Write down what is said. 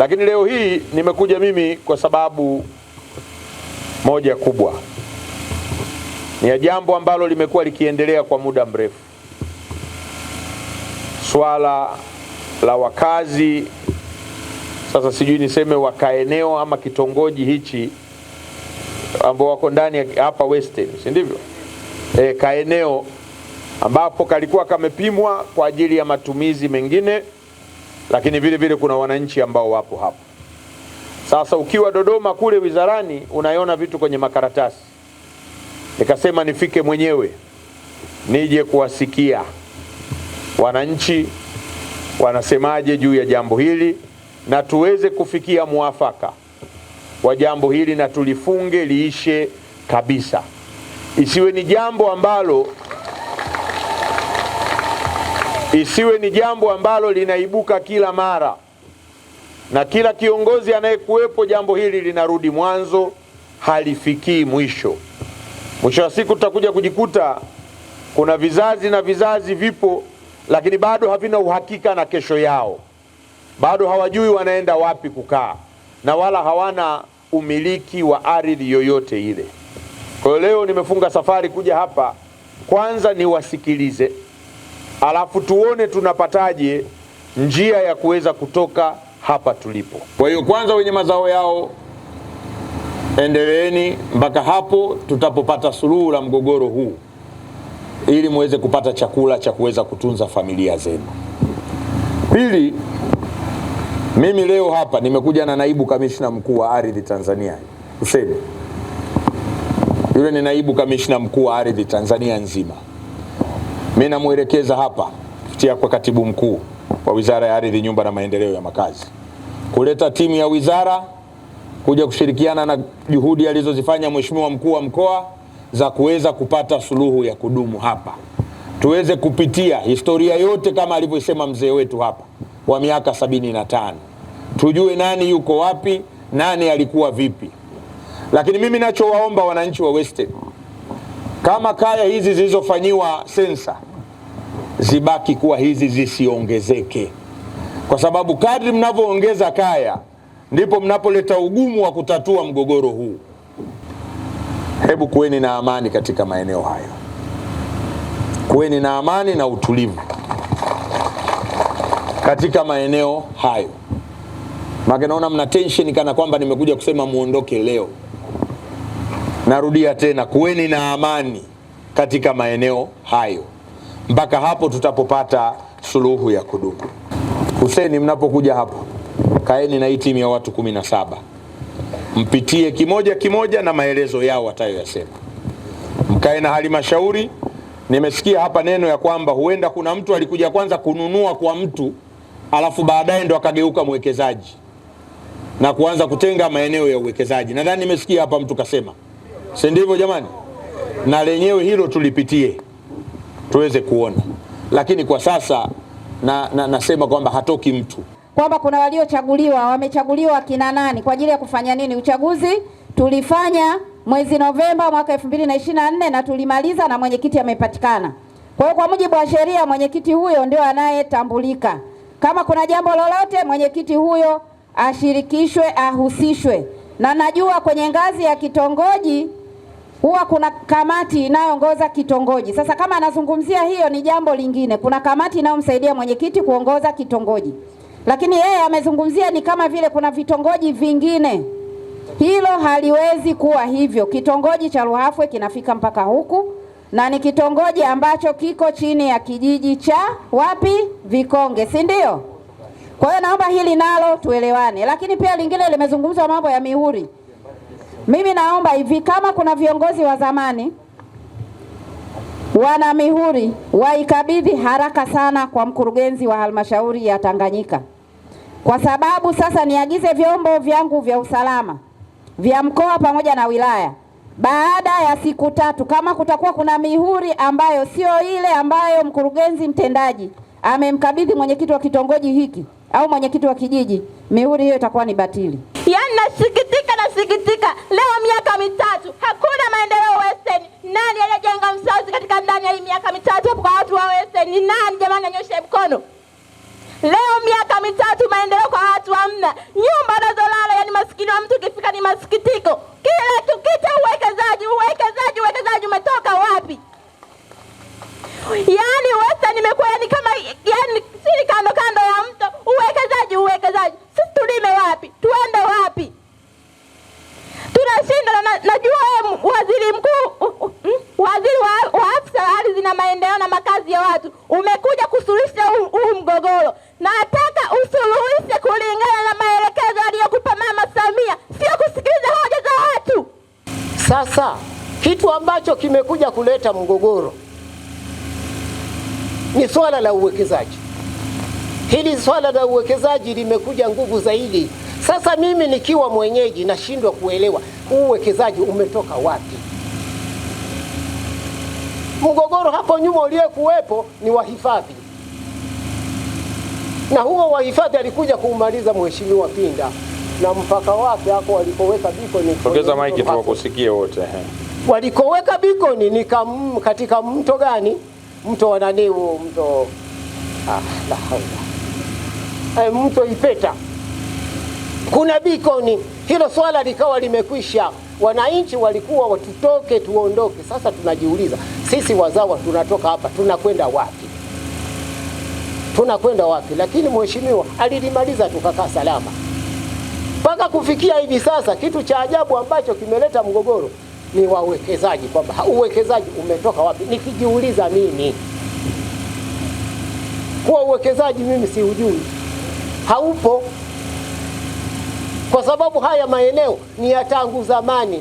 Lakini leo hii nimekuja mimi kwa sababu moja kubwa, ni ya jambo ambalo limekuwa likiendelea kwa muda mrefu, swala la wakazi sasa sijui niseme wakaeneo ama kitongoji hichi ambao wako ndani hapa Western, si ndivyo? E, kaeneo ambapo kalikuwa kamepimwa kwa ajili ya matumizi mengine lakini vile vile kuna wananchi ambao wapo hapo Sasa ukiwa Dodoma kule wizarani unaiona vitu kwenye makaratasi, nikasema nifike mwenyewe nije kuwasikia wananchi wanasemaje juu ya jambo hili na tuweze kufikia mwafaka wa jambo hili na tulifunge liishe kabisa, isiwe ni jambo ambalo isiwe ni jambo ambalo linaibuka kila mara na kila kiongozi anayekuwepo, jambo hili linarudi mwanzo, halifikii mwisho. Mwisho wa siku tutakuja kujikuta kuna vizazi na vizazi vipo, lakini bado havina uhakika na kesho yao, bado hawajui wanaenda wapi kukaa, na wala hawana umiliki wa ardhi yoyote ile. Kwa hiyo leo nimefunga safari kuja hapa, kwanza niwasikilize alafu tuone tunapataje njia ya kuweza kutoka hapa tulipo. Kwa hiyo kwanza, wenye mazao yao endeleeni mpaka hapo tutapopata suluhu la mgogoro huu, ili muweze kupata chakula cha kuweza kutunza familia zenu. Pili, mimi leo hapa nimekuja na naibu kamishna mkuu wa ardhi Tanzania Hussein, yule ni naibu kamishna mkuu wa ardhi Tanzania nzima. Mimi namwelekeza hapa kupitia kwa katibu mkuu wa Wizara ya Ardhi, Nyumba na Maendeleo ya Makazi kuleta timu ya wizara kuja kushirikiana na juhudi alizozifanya Mheshimiwa mkuu wa mkoa za kuweza kupata suluhu ya kudumu hapa, tuweze kupitia historia yote kama alivyosema mzee wetu hapa wa miaka sabini na tano, tujue nani yuko wapi, nani alikuwa vipi. Lakini mimi nachowaomba wananchi wa Western kama kaya hizi zilizofanyiwa sensa zibaki kuwa hizi zisiongezeke, kwa sababu kadri mnavyoongeza kaya ndipo mnapoleta ugumu wa kutatua mgogoro huu. Hebu kuweni na amani katika maeneo hayo, kuweni na amani na utulivu katika maeneo hayo, maana naona mna tension kana kwamba nimekuja kusema muondoke leo. Narudia tena, kuweni na amani katika maeneo hayo mpaka hapo tutapopata suluhu ya kudumu. Huseni, mnapokuja hapo kaeni na hii timu ya watu kumi na saba mpitie kimoja kimoja na maelezo yao watayoyasema. Mkae na halmashauri. Nimesikia hapa neno ya kwamba huenda kuna mtu alikuja kwanza kununua kwa mtu alafu baadaye ndo akageuka mwekezaji na kuanza kutenga maeneo ya uwekezaji. Nadhani nimesikia hapa mtu kasema si ndivyo jamani? Na lenyewe hilo tulipitie tuweze kuona, lakini kwa sasa na, na, nasema kwamba hatoki mtu kwamba kuna waliochaguliwa wamechaguliwa kina nani kwa ajili ya kufanya nini. Uchaguzi tulifanya mwezi Novemba mwaka 2024 na tulimaliza na mwenyekiti amepatikana. Kwa hiyo kwa mujibu wa sheria mwenyekiti huyo ndio anayetambulika. Kama kuna jambo lolote, mwenyekiti huyo ashirikishwe, ahusishwe, na najua kwenye ngazi ya kitongoji huwa kuna kamati inayoongoza kitongoji. Sasa kama anazungumzia hiyo ni jambo lingine, kuna kamati inayomsaidia mwenyekiti kuongoza kitongoji, lakini yeye amezungumzia ni kama vile kuna vitongoji vingine. Hilo haliwezi kuwa hivyo. Kitongoji cha Ruhafwe kinafika mpaka huku na ni kitongoji ambacho kiko chini ya kijiji cha wapi, Vikonge, si ndio? Kwa hiyo naomba hili nalo tuelewane, lakini pia lingine limezungumzwa mambo ya mihuri. Mimi naomba hivi, kama kuna viongozi wa zamani wana mihuri waikabidhi haraka sana kwa mkurugenzi wa halmashauri ya Tanganyika, kwa sababu sasa niagize vyombo vyangu vya usalama vya mkoa pamoja na wilaya, baada ya siku tatu kama kutakuwa kuna mihuri ambayo sio ile ambayo mkurugenzi mtendaji amemkabidhi mwenyekiti wa kitongoji hiki au mwenyekiti wa kijiji, mihuri hiyo itakuwa ni batili. Yani, sikitika leo miaka mitatu hakuna maendeleo Western. Nani aliyejenga msazi katika ndani ya hii miaka mitatu hapo kwa watu wa Western? Ni nani jamani, anyoshe mkono. Leo miaka mitatu maendeleo kwa watu hamna. Nyumba anazolala yani maskini wa mtu ukifika ni masikitiko. Kila kitu uwekezaji, uwekezaji, uwekezaji umetoka wapi? umekuja kusuluhisha huu mgogoro. Nataka usuluhishe kulingana na maelekezo aliyokupa Mama Samia, sio kusikiliza hoja za watu. Sasa kitu ambacho kimekuja kuleta mgogoro ni swala la uwekezaji. Hili swala la uwekezaji limekuja nguvu zaidi. Sasa mimi nikiwa mwenyeji nashindwa kuelewa uwekezaji umetoka wapi? mgogoro hapo nyuma uliyekuwepo ni wahifadhi, na huo wahifadhi alikuja kuumaliza Mheshimiwa Pinda na mpaka wake hapo walipoweka bikoni. Ongeza maiki wakusikie wote eh. walikoweka bikoni ni kam, katika mto gani? Mto wa nani huo mto? Ah, la haula. E, mto Ipeta kuna bikoni, hilo swala likawa limekwisha wananchi walikuwa watutoke tuondoke. Sasa tunajiuliza sisi wazawa, tunatoka hapa tunakwenda wapi? Tunakwenda wapi? Lakini mheshimiwa alilimaliza tukakaa salama mpaka kufikia hivi sasa. Kitu cha ajabu ambacho kimeleta mgogoro ni wawekezaji, kwamba uwekezaji umetoka wapi? Nikijiuliza mimi kuwa uwekezaji mimi siujui, haupo kwa sababu haya maeneo ni ya tangu zamani.